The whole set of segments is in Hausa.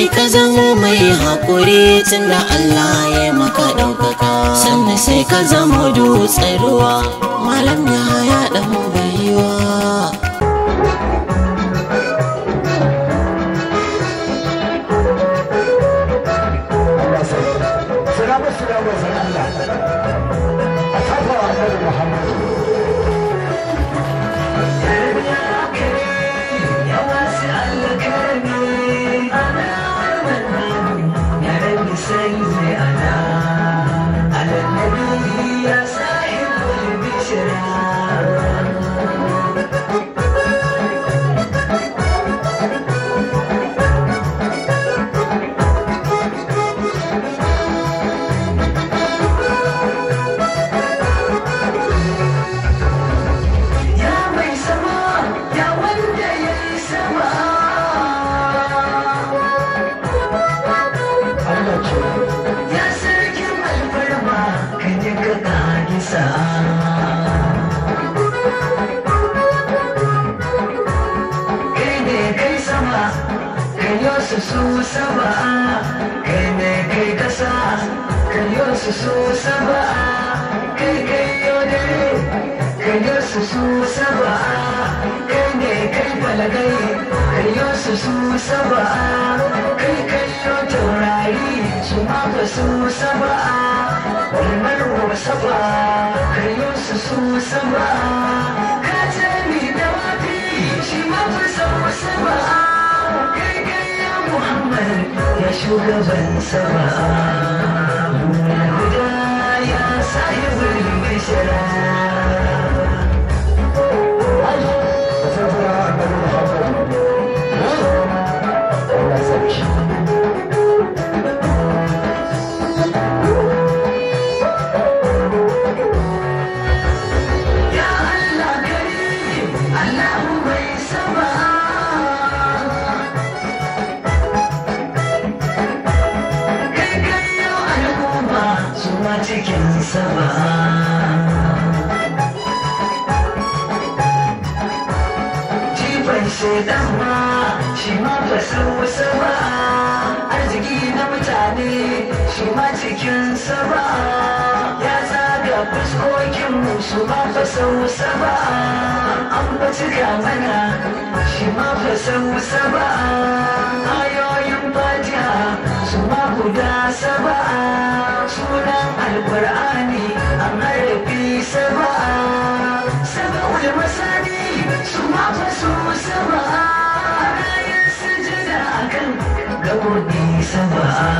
kai ka zamo mai haƙuri Tunda Allah ya maka ɗaukaka sannan sai ka zamo dutsen ruwa malam ya haɗa mu bayiwa. su su saba'a kai ne kai kasa kai su su saba'a kai kai yaudare kai su su saba'a kai ne kai balagai kai su su saba'a kai kai yau taurari su ma ba su saba'a walmar wa saba'a kai su su saba'a ya ya cikin sama ma shi ma ba san wasu arziki na mutane shi ma cikin sama ya zaga fuskokin su ma ba san wasu an ba cika mana shi ma ba san wasu saba'a sunan alkur'ani an harfi saba'a saba'ul masani su ma fa fasu saba'a rayan sujada akan gabobi saba'a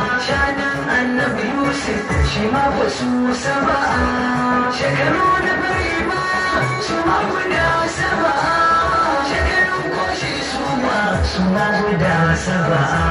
shi ma ba su sama shekaru da bari ba su ma guda sama shekarun kwashi su ma su ma guda sama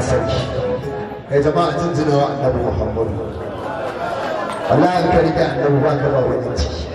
Allah sarki kai jama'a jinjinawa annabi Muhammadu wallahi ka rike annabi ba ka ba wani ciki